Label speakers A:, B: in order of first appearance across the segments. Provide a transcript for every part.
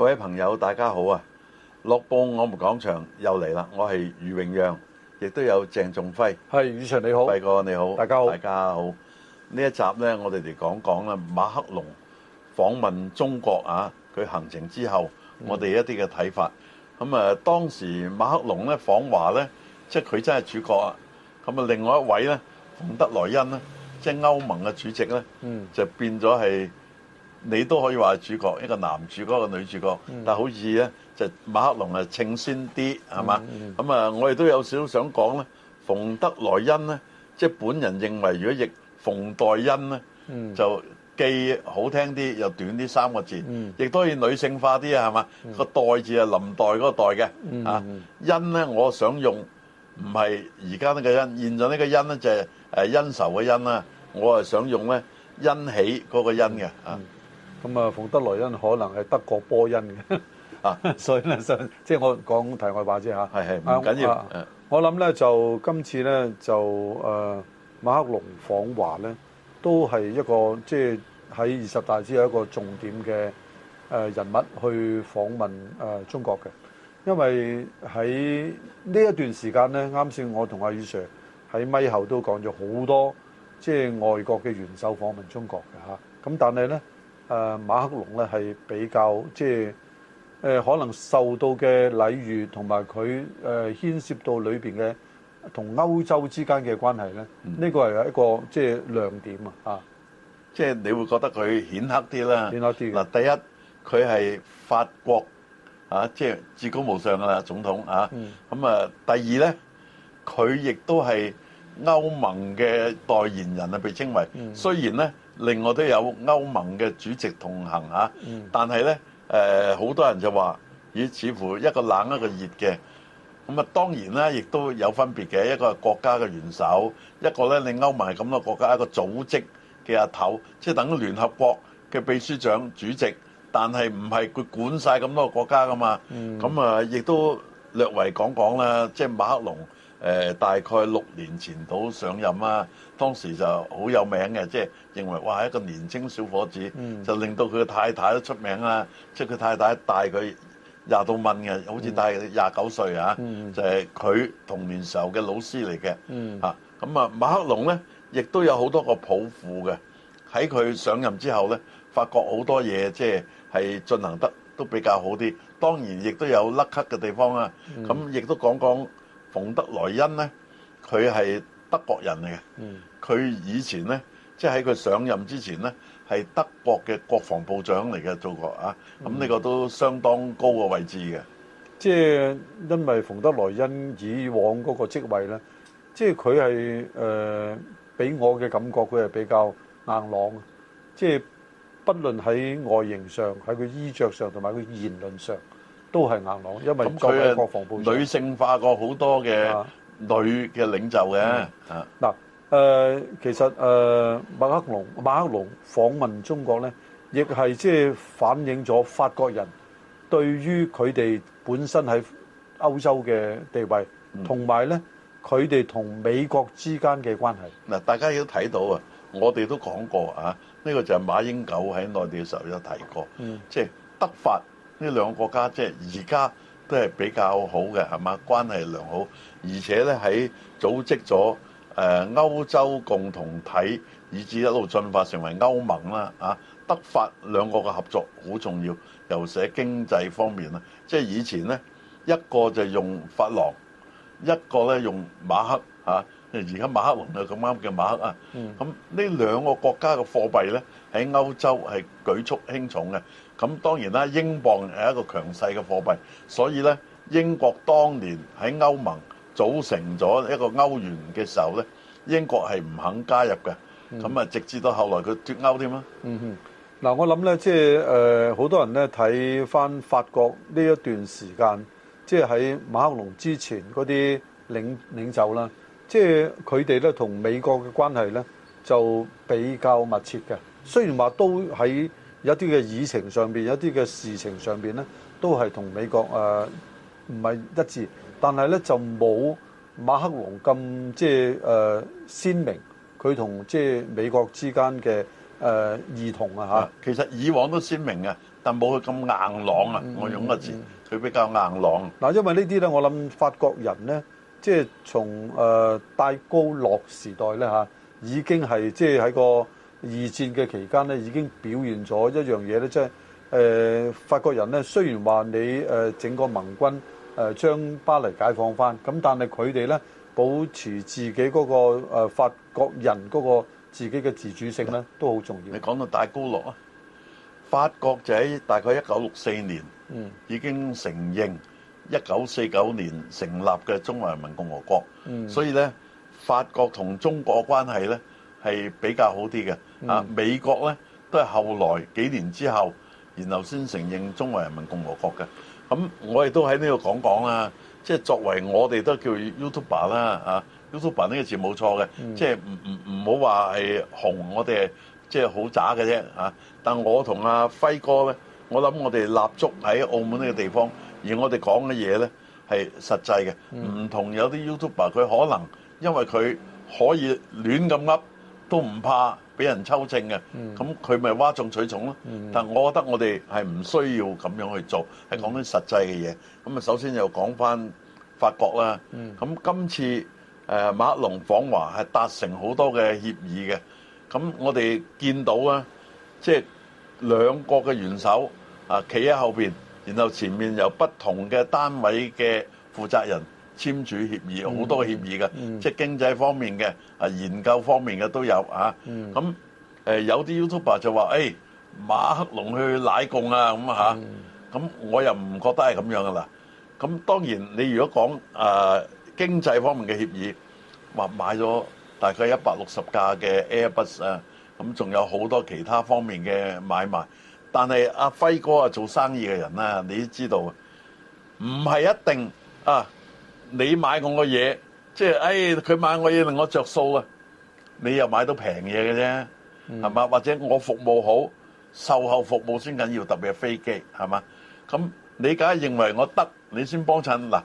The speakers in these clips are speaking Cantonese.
A: 各位朋友，大家好啊！樂步我們廣場又嚟啦，我係余永揚，亦都有鄭仲輝。係余 s i 你好，大哥你好，大家好，大家好。呢一集呢，我哋嚟，講講啦，馬克龍訪問中國啊，佢行程之後，我哋一啲嘅睇法。咁、嗯、啊，當時馬克龍呢訪華呢，即係佢真係主角啊。咁啊，另外一位呢，馮德萊恩呢，即係歐盟嘅主席呢，就變咗係。你都可以話係主角，一個男主角，一個女主角。但係好似咧，就馬克龍係稱先啲係嘛？咁啊，我亦都有少少想講咧。馮德萊恩咧，即係本人認為，如果亦馮代恩咧，就既好聽啲又短啲三個字，亦都要女性化啲係嘛？個代字啊，林代嗰個代嘅啊，恩咧，我想用唔係而家呢個恩，現在呢個恩咧就係誒恩仇嘅恩啦。我係想用咧欣喜嗰個恩嘅啊。
B: 咁啊，馮德萊恩可能係德國波恩嘅，啊， 所以咧即係我講題外話啫下，係係唔緊要。啊啊、我諗咧就今次咧就誒、呃、馬克龍訪華咧，都係一個即係喺二十大之後一個重點嘅人物去訪問、呃、中國嘅。因為喺呢一段時間咧，啱先我同阿雨 Sir 喺咪後都講咗好多，即係外國嘅元首訪問中國嘅咁、啊、但係咧。誒馬克龍咧係比較即係誒可能受到嘅禮遇，同埋佢誒牽涉到裏邊嘅同歐洲之間嘅關係咧，呢個係一個即係亮點啊！嚇，
A: 即係你會覺得佢顯赫啲啦。顯赫啲嗱，第一佢係法國啊，即係至高無上噶啦，總統啊。咁啊，第二咧，佢亦都係歐盟嘅代言人啊，被稱為。雖然咧。另外都有歐盟嘅主席同行嚇、啊，但係呢，誒、呃，好多人就話咦、呃，似乎一個冷一個熱嘅，咁、嗯、啊當然啦，亦都有分別嘅。一個係國家嘅元首，一個呢，你歐盟係咁多國家一個組織嘅阿頭，即係等於聯合國嘅秘書長主席，但係唔係佢管晒咁多國家噶嘛，咁啊亦都略為講講啦，即係馬克龍。誒、呃、大概六年前到上任啊，當時就好有名嘅，即係認為哇，一個年青小伙子，嗯、就令到佢太太都出名啊！即係佢太太大佢廿到問嘅，好似大佢廿九歲啊，嗯、就係、是、佢童年時候嘅老師嚟嘅嚇。咁、嗯、啊，馬克龍呢，亦都有好多個抱負嘅。喺佢上任之後呢，發覺好多嘢即係係進行得都比較好啲，當然亦都有甩咳嘅地方啊。咁、嗯、亦都講講。馮德萊恩呢，佢係德國人嚟嘅，佢、嗯、以前呢，即係喺佢上任之前呢，係德國嘅國防
B: 部長嚟嘅，做過啊，咁呢個
A: 都相當
B: 高嘅位置嘅。即、嗯、係、就是、因為馮德萊恩以往嗰個職位呢，即係佢係誒俾我嘅感覺，佢係比較硬朗的，即、就、係、是、不論喺外形上、喺佢衣着上同埋佢言論上，都係硬朗，因為作為國防部長，女
A: 性化過好多嘅女嘅領袖嘅。
B: 嗱，誒其實誒馬克龍馬克龍訪問中國咧，亦係即係反映咗法國人對於佢哋本身喺歐洲嘅地位，同埋咧佢哋同美國之間嘅關係。嗱，大家都睇到啊，我哋都講過啊，呢個就係馬英九喺內地嘅
A: 時候有提過，即係德法。呢兩個國家即係而家都係比較好嘅，係嘛？關係良好，而且咧喺組織咗誒歐洲共同體，以至一路進化成為歐盟啦。啊，德法兩個嘅合作好重要，尤其是喺經濟方面啊。即係以前咧，一個就用法郎，一個咧用馬克嚇。而家馬克龍就咁啱嘅馬克啊。嗯。咁呢兩個國家嘅貨幣咧喺歐洲係舉足輕重嘅。咁當然啦，英鎊係一個強勢嘅貨幣，所以咧，英國當年喺歐盟組成咗一個歐元嘅時候咧，英國係唔肯加入嘅，咁、嗯、啊，直至到後來佢脫歐添啊。嗯
B: 嗯嗱，我諗咧，即係誒，好、呃、多人咧睇翻法國呢一段時間，即係喺馬克龍之前嗰啲領領袖啦，即係佢哋咧同美國嘅關係咧就比較密切嘅，雖然話都喺。有啲嘅議程上邊，有啲嘅事情上邊咧，都係同美國誒唔係一致，但係咧就冇馬克龍咁即係誒鮮明，佢同即係美國之間嘅誒、呃、異同啊嚇。其實以往都鮮明嘅，但冇佢咁硬朗啊，嗯嗯嗯、我用個字，佢比較硬朗。嗱，因為這些呢啲咧，我諗法國人咧，即係從誒、呃、戴高樂時代咧嚇，已經係即係喺個。二戰嘅期間咧，已經表現咗一樣嘢咧，即係誒法國人咧，雖然話你誒、呃、整個盟軍誒、呃、將巴黎解放翻，咁但係佢哋咧保持自己嗰、那個、呃、法國人嗰個自己嘅自主性咧，都好重要。你講到戴高樂啊，
A: 法國就喺大概一九六四年、嗯、已經承認一九四九年成立嘅中華人民共和國，嗯、所以呢，法國同中國關係呢。係比較好啲嘅，啊、嗯！美國咧都係後來幾年之後，然後先承認中華人民共和國嘅。咁我亦都喺呢度講講啦，即係作為我哋都叫 YouTuber 啦，啊，YouTuber 呢個字冇錯嘅，即係唔唔唔好話係紅，我哋即係好渣嘅啫，啊！但我同阿、啊、輝哥咧，我諗我哋立足喺澳門呢個地方，而我哋講嘅嘢咧係實際嘅，唔同有啲 YouTuber 佢可能因為佢可以亂咁噏。都唔怕俾人抽正嘅，咁佢咪嘩眾取寵咯。但係我覺得我哋係唔需要咁樣去做，係講緊實際嘅嘢。咁啊，首先又講翻法國啦。咁今次誒馬克龍訪華係達成好多嘅協議嘅。咁我哋見到啊，即係兩國嘅元首啊企喺後邊，然後前面有不同嘅單位嘅負責人。簽署協議，好多協議嘅，嗯，即係經濟方面嘅啊，嗯，研究方面嘅都有咁、嗯啊、有啲 YouTuber 就話，誒、哎、馬克龍去奶共啊咁咁，啊嗯啊、我又唔覺得係咁樣噶啦。咁當然你如果講誒、呃、經濟方面嘅協議，買咗大概一百六十架嘅 Airbus 啊，咁仲有好多其他方面嘅買賣。但係阿、啊、輝哥啊，做生意嘅人啦，啊，你都知道唔係一定啊。你買過我個嘢，即係誒佢買我嘢令我着數啊！你又買到平嘢嘅啫，係、嗯、嘛？或者我服務好，售後服務先緊要，特別係飛機，係嘛？咁你梗係認為我得，你先幫襯嗱。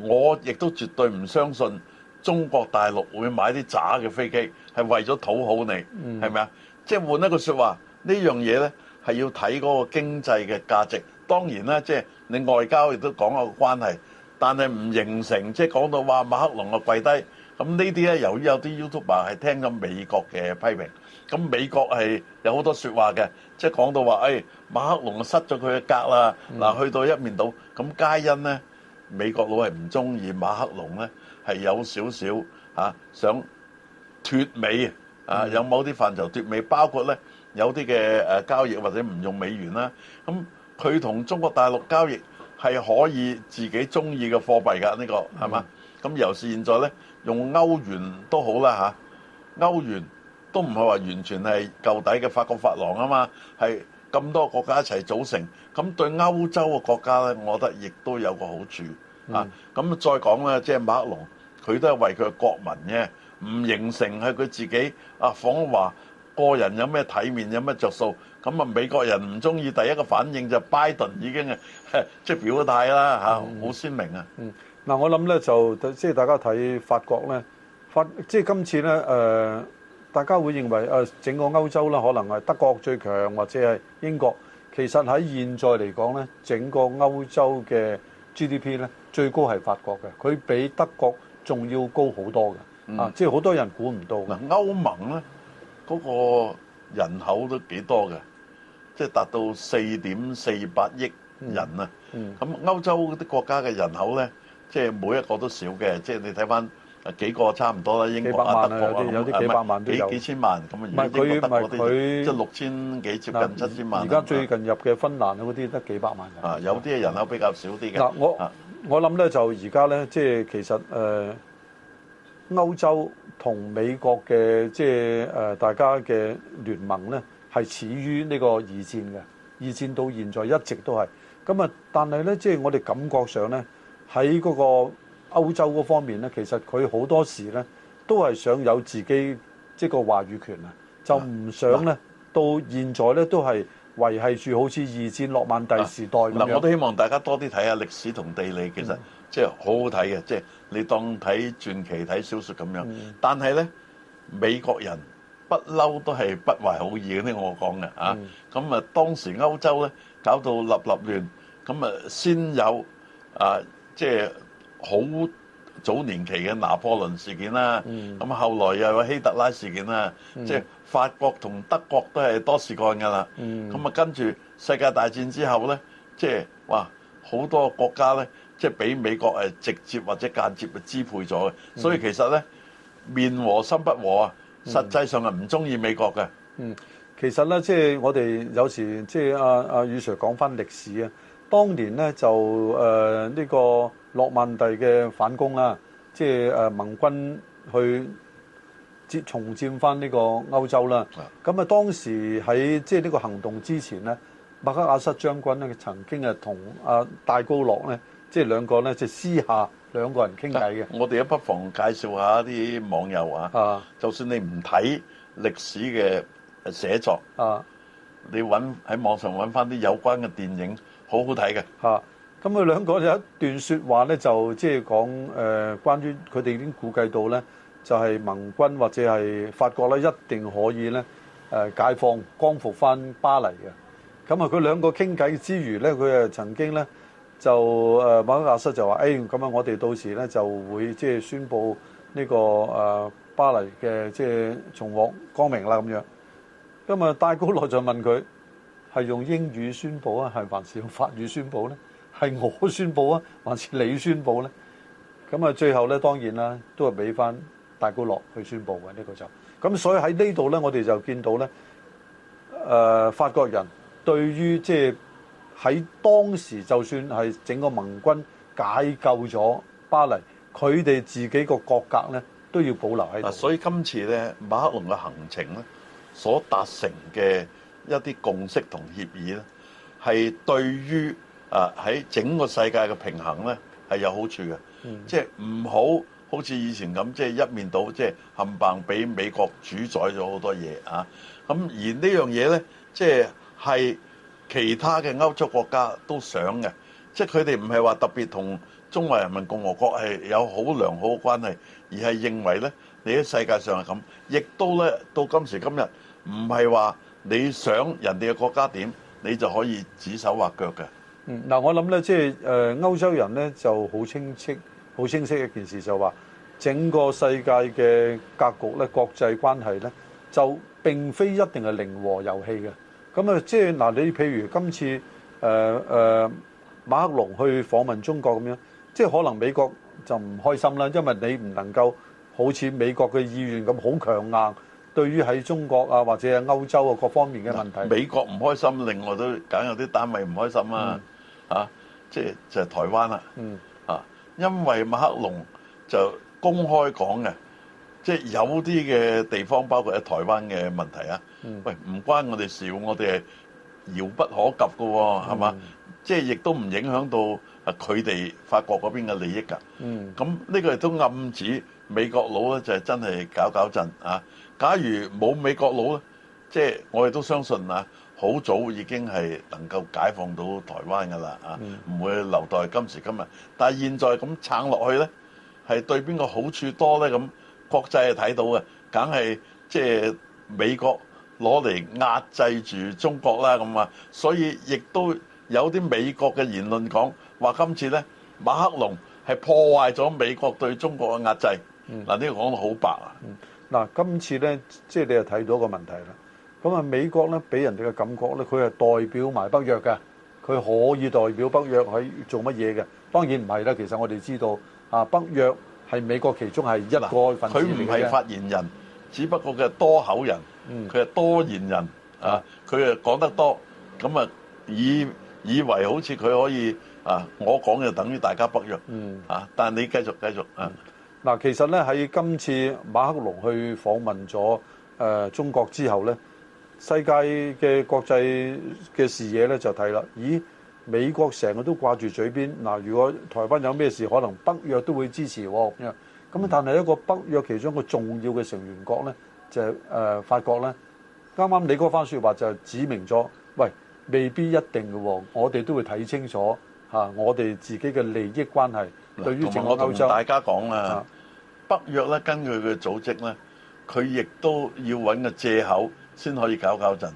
A: 我亦都絕對唔相信中國大陸會買啲渣嘅飛機，係為咗討好你，係咪啊？即係換一句說話，呢樣嘢咧係要睇嗰個經濟嘅價值。當然啦，即係你外交亦都講個關係。但係唔形成，即係講到話，馬克龍啊跪低，咁呢啲咧，由於有啲 YouTuber 係聽緊美國嘅批評，咁美國係有好多説話嘅，即係講到話，誒馬克龍啊失咗佢嘅格啦，嗱去到一面倒，咁皆因咧美國佬係唔中意馬克龍咧，係有少少啊想脱美啊，有某啲範疇脱美，包括咧有啲嘅誒交易或者唔用美元啦，咁佢同中國大陸交易。係可以自己中意嘅貨幣㗎，呢、這個係嘛？咁由、嗯、是現在呢，用歐元都好啦嚇、啊，歐元都唔係話完全係舊底嘅法國法郎啊嘛，係咁多國家一齊組成，咁對歐洲嘅國家呢，我覺得亦都有個好處啊。咁、嗯、再講咧，即、就、係、是、馬克龍，佢都係為佢嘅國民啫，唔形成係佢自己啊，訪華。個人有咩體面，有咩着數，咁啊美國人唔中意，第一個反應就拜登已經啊，即係表咗態啦嚇，好鮮明啊。
B: 嗯，嗱我諗咧就即係大家睇法國咧，法即係今次咧誒，大家會認為誒整個歐洲咧可能係德國最強，或者係英國。其實喺現在嚟講咧，整個歐洲嘅 GDP 咧最高係法國嘅，佢比德國仲要高好多嘅。嗯，啊即係好多人估唔到。嗱歐盟咧。嗰、那個人口都幾多嘅，即係達
A: 到四點四八億人啊！咁歐洲嗰啲國家嘅人口咧，即係每一個都少嘅，即係你睇翻幾個差唔多啦，英國啊、德國啊咁啊，幾幾千萬咁啊，英國啲即係六千幾接近七千萬。而家最
B: 近入嘅芬蘭嗰啲得幾百萬啊，有啲、就是人，啊、人口比較少啲嘅。嗱、嗯啊，我我諗咧就而家咧，即係其實誒、呃、歐洲。同美國嘅即係誒大家嘅聯盟呢，係始於呢個二戰嘅，二戰到現在一直都係咁啊。但係呢，即係我哋感覺上呢，喺嗰個歐洲嗰方面呢，其實佢好多時呢，都係想有自己即個話語權啊，就唔想呢、啊。到現在呢，都係維繫住好似二戰諾曼第時代咁樣。嗱，啊、我都希
A: 望大家多啲睇下歷史同地理，其實即係好好睇嘅，即、嗯、係。即係你當睇傳奇睇小說咁樣，但係咧美國人不嬲都係不懷好意嘅，聽我講嘅啊。咁啊當時歐洲咧搞到立立亂，咁啊先有啊即係好早年期嘅拿破崙事件啦。咁後來又有希特拉事件啦，即係法國同德國都係多事幹噶啦。咁啊跟住世界大戰之後咧，即係哇好多國家咧。即係俾美國誒直接或者間接誒支配咗嘅，所以其實咧面和心不和啊，實際上係唔中意美國嘅。嗯
B: 嗯。嗯，其實咧即係我哋有時即係阿阿雨 Sir 講翻歷史啊，當年咧就誒呢，呃這個諾曼第嘅反攻啦，啊，即係誒盟軍去佔重佔翻呢個歐洲啦。咁啊當時喺即係呢個行動之前咧，麥克阿瑟將軍咧曾經誒同阿戴高樂咧。即係兩個咧，就是、私下兩個人傾偈嘅。我哋也不妨介紹下啲網友啊。啊，就算
A: 你唔睇歷史嘅寫作，啊，你揾喺網上揾翻啲有關嘅電影，好好睇嘅。
B: 咁、啊、佢兩個有一段說話咧，就即係、就是、講誒、呃、關於佢哋已經估計到咧，就係、是、盟軍或者係法國咧一定可以咧、呃、解放光復翻巴黎嘅。咁、嗯、啊，佢兩個傾偈之餘咧，佢誒曾經咧。就誒馬克亞瑟就話：哎，誒咁樣我哋到時咧就會即係宣布呢個誒巴黎嘅即係重獲光明啦咁樣。咁啊，戴高樂就問佢係用英語宣布啊，係還是用法語宣布咧？係我宣布啊，還是你宣布咧？咁啊，最後咧當然啦，都係俾翻戴高樂去宣布嘅呢、呢個就。咁所以喺呢度咧，我哋就見到咧，誒法國人對於即係。喺當時，就算係整個盟軍解救咗巴黎，佢哋自己個國格咧都要保留喺度。所以今次咧，馬克龍嘅行程咧，所達成嘅一啲共識同協議
A: 咧，係對於啊、呃、喺整個世界嘅平衡咧係有好處嘅。即係唔好好似以前咁，即係一面倒，即係冚棒俾美國主宰咗好多嘢啊！咁而呢樣嘢呢，即係係。其他嘅歐洲國家都想嘅，即係佢哋唔係話特別同中華人民共和國係有好良好嘅關係，而係認為咧，你喺世界上係咁，亦都咧到今時今日，唔係話你想人哋嘅國家點，你就可以指手畫腳嘅。嗯，
B: 嗱、嗯、我諗咧，即係誒歐洲人咧就好清晰，好清晰一件事，就話整個世界嘅格局咧、國際關係咧，就並非一定係零和遊戲嘅。咁啊，即係嗱，你譬如今次誒誒馬克龍去訪問中國咁樣，即係可能美國就唔開心啦，因為你唔能夠好似美國嘅意願咁好強硬，對於喺中國啊或者係歐洲啊各方面嘅問題，美國唔開心，另外都
A: 梗有啲單位唔開心啊，嚇，即係就係台灣啦，啊，因為馬克龍就公開講嘅。即係有啲嘅地方，包括喺台灣嘅問題啊、嗯。喂，唔關我哋事，我哋係遙不可及噶，係、嗯、嘛？即係亦都唔影響到啊佢哋法國嗰邊嘅利益㗎。咁、嗯、呢個亦都暗指美國佬咧，就係、是、真係搞搞震啊。假如冇美國佬咧，即、就、係、是、我哋都相信啊，好早已經係能夠解放到台灣㗎啦啊，唔、嗯、會留待今時今日。但係現在咁撐落去咧，係對邊個好處多咧咁？國際係睇到嘅，梗係即係美國攞嚟壓制住中國啦咁啊，所以亦都有啲美國嘅言論講話今次呢，馬克龍係破壞咗美國對中國嘅壓制。嗱、嗯、呢個講得好白啊！
B: 嗱、嗯，今次呢，即係你又睇到個問題啦。咁啊，美國呢，俾人哋嘅感覺呢，佢係代表埋北約嘅，佢可以代表北約去做乜嘢嘅？當然唔係啦。其實我哋知道啊，北約。係美國其中係一個，佢唔係發言人，只
A: 不過佢係多口人，佢係多言人啊！佢誒講得多，咁啊以以為好似佢可以啊，我講嘅等於大家北約啊，
B: 但係你繼續繼續啊！嗱，其實咧喺今次馬克龍去訪問咗誒中國之後咧，世界嘅國際嘅視野咧就睇啦，咦？美國成日都掛住嘴邊嗱，如果台灣有咩事，可能北約都會支持喎。咁、yeah. 但係一個北約其中一個重要嘅成員國呢，就係、是、誒、呃、法國呢。啱啱你嗰番說話就指明咗，喂，未必一定嘅喎。我哋都會睇清楚、啊、我哋自己嘅利益關係對於。同我大家講啦、啊啊，北約根據佢嘅組織呢，佢亦
A: 都要揾個借口先可以搞搞震，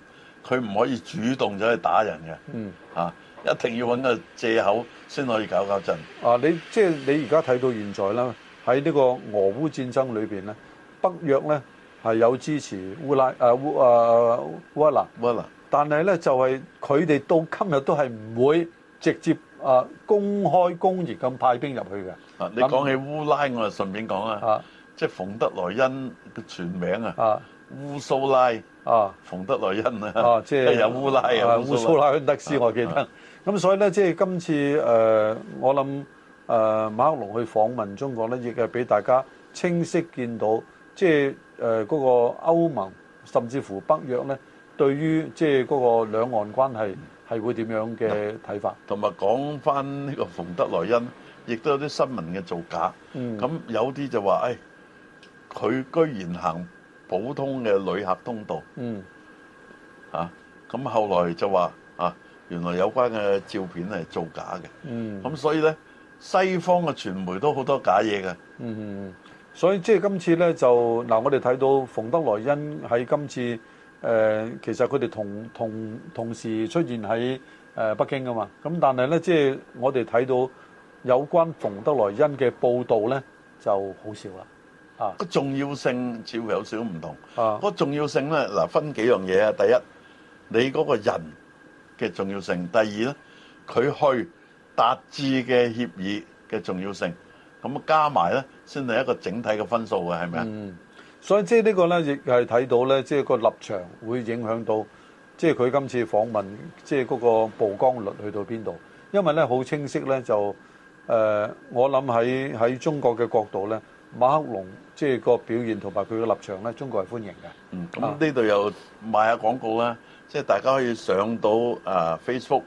A: 佢唔可以主動走去打人嘅、啊。嗯，一定要揾個藉口先可以搞搞震。
B: 啊，你即係你而家睇到現在啦，喺呢個俄烏戰爭裏邊咧，北約咧係有支持烏拉誒、啊、烏誒、啊、烏拉。但係咧就係佢哋到今日都係唔會直接誒、啊、公開公然咁派兵入去嘅。啊，你講起烏拉，我就順便講啊，即係馮德萊恩嘅全名啊。
A: 啊烏蘇拉啊，馮德萊恩啊，即、就、係、是、有烏拉啊，烏蘇拉亨德斯我記得。
B: 咁、啊、所以咧，即係今次誒、呃，我諗誒、呃、馬克龍去訪問中國咧，亦係俾大家清晰見到，即係誒嗰個歐盟甚至乎北約咧，對於即係嗰個兩岸關係係、嗯、會點樣嘅睇法。同埋講翻呢個馮德萊恩，亦都有啲新
A: 聞嘅造假。咁、嗯、有啲就話誒，佢、哎、居然行。普通嘅旅客通道，嗯，啊，咁後來就話啊，原來有關嘅照片係造假嘅，嗯，咁所以呢，西方嘅傳媒都好多假嘢
B: 嘅。嗯，嗯嗯，所以即係今次呢，就嗱，啊，我哋睇到馮德萊恩喺今次誒，呃，其實佢哋同同同時出現喺誒，呃，北京噶嘛。咁但係呢，即係我哋睇到有關馮德萊恩嘅報道呢，就好少啦。啊，個重要性似乎有少少唔
A: 同。啊，個重要性咧，嗱分幾樣嘢啊。第一，你嗰個人嘅重要性；第二咧，佢去達致嘅協議嘅重要性。
B: 咁啊加埋咧，先係一個整體嘅分數嘅，係咪啊？嗯，所以即係呢個咧，亦係睇到咧，即係個立場會影響到，即係佢今次訪問，即係嗰個曝光率去到邊度？因為咧，好清晰咧，就誒，我諗喺喺中國嘅角度咧。馬克龍即係個表現同埋佢嘅立場咧，中國係歡迎嘅。嗯，咁呢
A: 度又賣下廣告啦，即、啊、係大家可以上到啊 Facebook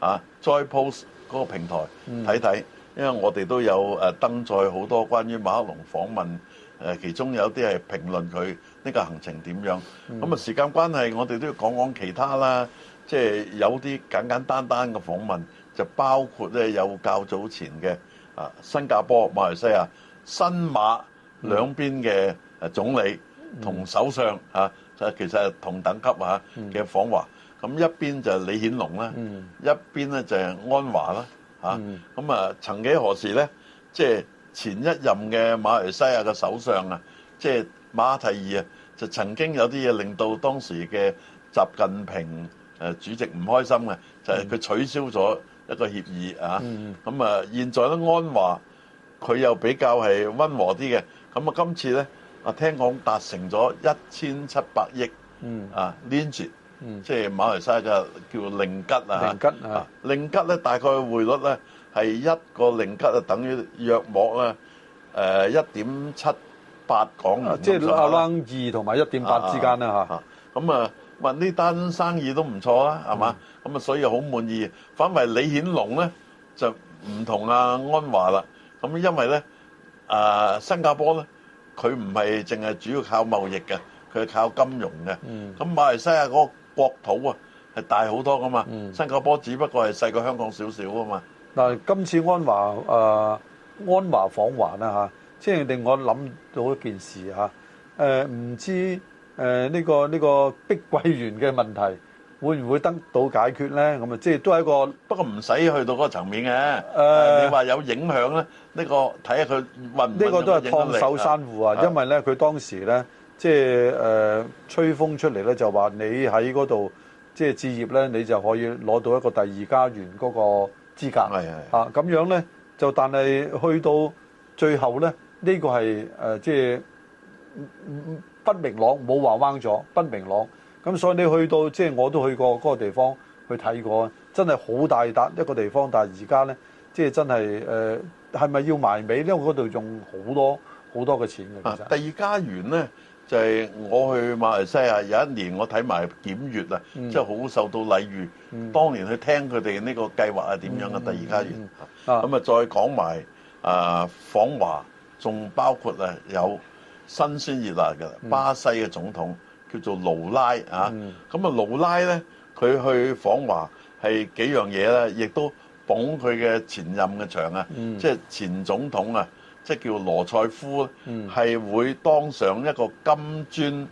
A: 啊、uh、Joypost 嗰個平台睇睇、嗯，因為我哋都有誒登載好多關於馬克龍訪問誒，其中有啲係評論佢呢個行程點樣。咁、嗯、啊，時間關係，我哋都要講講其他啦，即、就、係、是、有啲簡簡單單嘅訪問，就包括咧有較早前嘅啊新加坡、馬來西亞。新馬兩邊嘅誒總理同首相嚇，就、嗯、其實係同等級嚇嘅訪華。咁、嗯、一邊就係李顯龍啦、嗯，一邊咧就係安華啦嚇。咁、嗯、啊，曾幾何時咧，即係前一任嘅馬來西亞嘅首相啊，即係馬哈蒂爾啊，就曾經有啲嘢令到當時嘅習近平誒主席唔開心嘅，就係佢取消咗一個協議啊。咁、嗯、啊，現在咧安華。佢又比較係溫和啲嘅，咁啊今次咧啊聽講達成咗一千七百億，嗯啊令吉，嗯即係馬來西亞叫令吉啊，令吉啊令吉咧大概匯率咧係一個令吉啊等於約莫啊誒一點七八港元，即係阿 Lang
B: 二同埋一點八之間
A: 啦嚇，咁啊問呢單生意都唔錯啊，係嘛？咁啊所以好滿意，反為李顯龍咧就唔同阿安華啦。咁因為咧，啊新加坡咧，佢唔係淨係主要靠貿易嘅，佢係靠金融嘅。咁、嗯啊、馬來西亞嗰個國土啊，係大好多噶嘛、嗯。新加坡只不過係細過香港少少噶嘛。
B: 嗱、啊，今次安華啊，安華訪華啦吓，即、啊、係、就是、令我諗到一件事吓，誒、啊、唔知誒呢、啊呢個呢、呢個碧桂園嘅問題？會唔會得到解決呢？咁啊，即係都係一個，不過唔使去到嗰個層面嘅、啊。誒、呃，你話有影響呢？呢、這個
A: 睇下佢運呢個,、這個都係燙手山芋啊,啊！因為
B: 呢，佢當時呢，即係誒吹風出嚟呢，就話你喺嗰度即係置業呢，你就可以攞到一個第二家園嗰個資格。咁、啊、樣呢，就但係去到最後呢，呢、這個係即係不明朗，冇話彎咗，不明朗。咁所以你去到即係、就是、我都去過嗰個地方去睇過，真係好大笪一個地方。但係而家咧，即、就、係、是、真係誒係咪要埋尾咧？嗰度用好多好多嘅錢嘅。嘅、啊。第二家園咧，就係、是、我
A: 去馬來西亞有一年我看了，我睇埋檢閱啊，即係好受到禮遇、嗯。當年去聽佢哋呢個計劃係點樣嘅、嗯、第二家園。咁、嗯嗯、啊，再講埋啊訪華仲包括啊有新鮮熱辣嘅、嗯、巴西嘅總統。叫做盧拉啊，咁啊盧拉咧，佢去訪華係幾樣嘢咧，亦都捧佢嘅前任嘅場啊，即係前總統啊，即係叫羅塞夫，係會當上一個金磚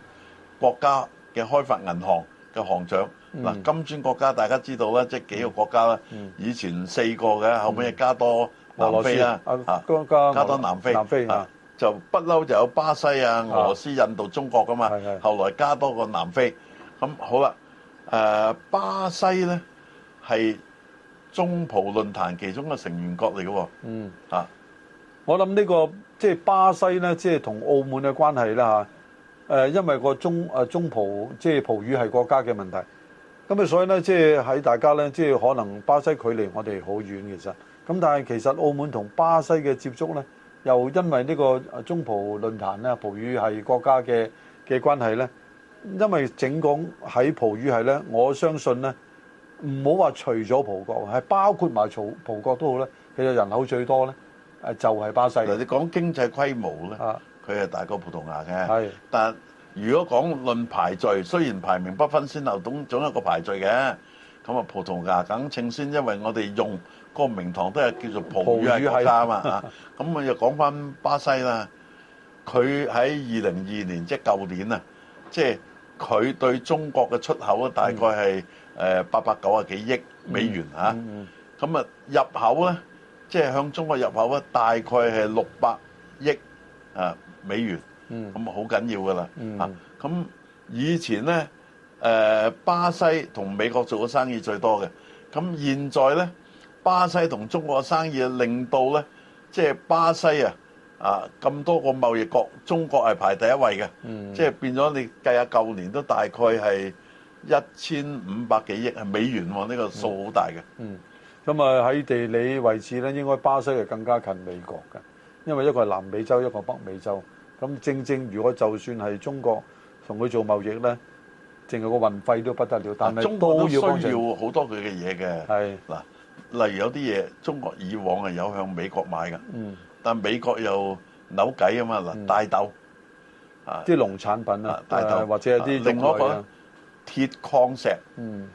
A: 國家嘅開發銀行嘅行長。嗱，金磚國家大家知道啦，即係幾個國家啦，以前四個嘅，後尾加多南非啦，啊加加加多南非啊。就不嬲，就有巴西啊、俄羅斯、啊、印度、中國噶嘛。是是是後來加多個南非。咁好啦，誒、呃、巴西呢
B: 係中葡論壇其中嘅成員國嚟嘅喎。嗯啊，我諗呢、這個即係、就是、巴西呢，即係同澳門嘅關係啦嚇。誒，因為個中誒中葡即係葡語係國家嘅問題。咁啊，所以呢，即係喺大家呢，即、就、係、是、可能巴西距離我哋好遠，其實。咁但係其實澳門同巴西嘅接觸呢。又因為呢個中葡論壇咧，葡語系國家嘅嘅關係咧，因為整講喺葡語系咧，我相信咧唔好話除咗葡國，係包括埋曹葡國都好咧，其實人口最多咧，誒就係、是、巴西。嗱，你講經濟規模咧，佢、啊、係大過葡萄牙嘅。係，但係如果
A: 講論排序，雖然排名不分先後，總總有一個排序嘅。咁啊，葡萄牙梗稱先，因為我哋用。個名堂都係叫做葡語國家啊嘛嚇，咁我就講翻巴西啦。佢喺二零二年，即係舊年啊，即係佢對中國嘅出口啊，大概係誒八百九啊幾億美元嚇。咁、嗯、啊、嗯嗯嗯、入口咧，即、就、係、是、向中國入口啊，大概係六百億啊美元。咁咁好緊要㗎啦嚇。咁、嗯、以前咧誒、呃、巴西同美國做嘅生意最多嘅，咁現在咧。巴西同中國嘅生意令到咧，即係巴西啊，啊咁多個貿易國，中國係排第一位嘅。嗯，即係變咗你計下舊年都大概係一千五百幾億係美元喎，呢個數
B: 好大嘅。嗯，咁啊喺地理位置咧，應該巴西係更加近美國嘅，因為一個係南美洲，一個北美洲。咁正正如果就算係中國同佢做貿易咧，淨係個運費都不得了，但係中國都需要好多佢嘅嘢
A: 嘅。係嗱。例如有啲嘢，中國以往係有向美國買㗎，但美國又扭計啊嘛嗱，大豆啊，啲農產品啊，大豆或者係啲另外一個鐵礦石，嗯，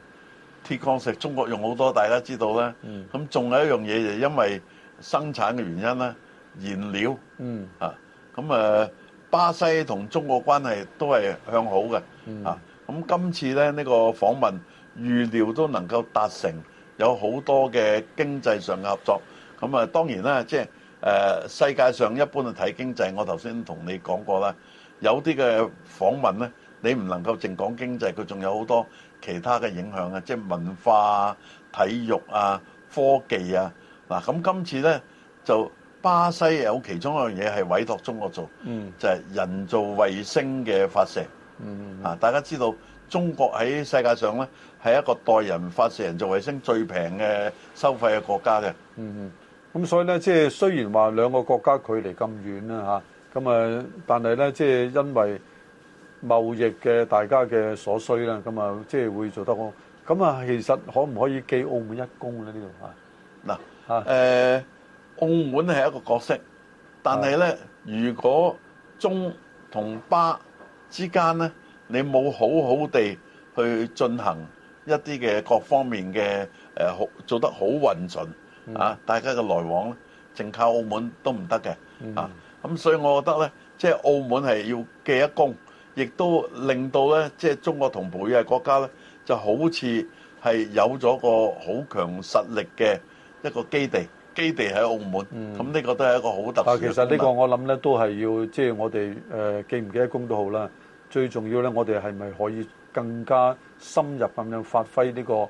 A: 鐵礦石中國用好多，大家知道咧，咁仲有一樣嘢就因為生產嘅原因咧，燃料，嗯啊，咁誒巴西同中國關係都係向好嘅，啊，咁今次咧呢個訪問預料都能夠達成，有好多嘅經濟上嘅合作，咁啊當然啦，即係誒世界上一般係睇經濟。我頭先同你講過啦，有啲嘅訪問咧，你唔能夠淨講經濟，佢仲有好多其他嘅影響啊，即係文化、體育啊、科技啊。嗱，咁今次咧就巴西有其中一樣嘢係委託中國做，嗯，就係人造衛星嘅發射。嗯，啊，大家知道中國喺世界上咧。係一個代人發射人造衛星最平嘅收費嘅國家嘅。嗯嗯。
B: 咁所以咧，即係雖然話兩個國家距離咁遠啦，嚇。咁啊，但係咧，即係因為貿易嘅大家嘅所需啦，咁啊，即係會做得好。咁啊，其實可唔可以記澳門一功咧？呢度嚇。
A: 嗱，
B: 誒，澳門係一個角色，
A: 但係咧，如果中同巴之間咧，你冇好好地去進行。一啲嘅各方面嘅好做得好勻順啊！大家嘅來往咧，淨靠澳門都唔得嘅啊！咁所以我覺得咧，即係澳門係要記一功，亦都令到咧，即係中國同葡語嘅國家咧，就好似係有咗個好強實力嘅一個基地，基地喺澳門。咁、嗯、呢個都係一個好特殊嘅。其實呢個我
B: 諗咧，都係要即係我哋誒、呃、記唔記得功都好啦。最重要咧，我哋係咪可以？更加深入咁樣發揮呢個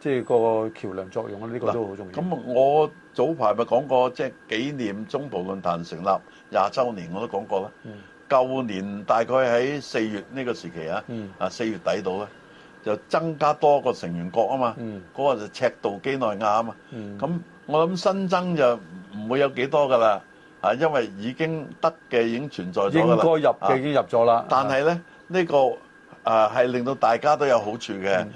B: 即係個橋梁作用啦，呢個都好重要。咁我早排咪講過，即係紀念中部
A: 論壇成立廿週年，我都講過啦。舊年大概喺四月呢個時期啊，啊四月底度咧，就增加多個成員國啊嘛。嗰個就赤道幾內亞啊嘛。咁我諗新增就唔會有幾多噶啦。啊，因為已經得嘅已經存在咗啦。應該入嘅已經入咗啦。但係咧呢個啊，係令到大家都有好處嘅。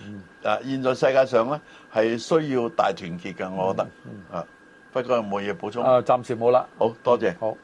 A: 啊，現在世界上咧係需要大團結嘅，我覺得、嗯。啊、嗯嗯，不過冇嘢補充。啊，暫時冇啦、嗯。好多謝。好。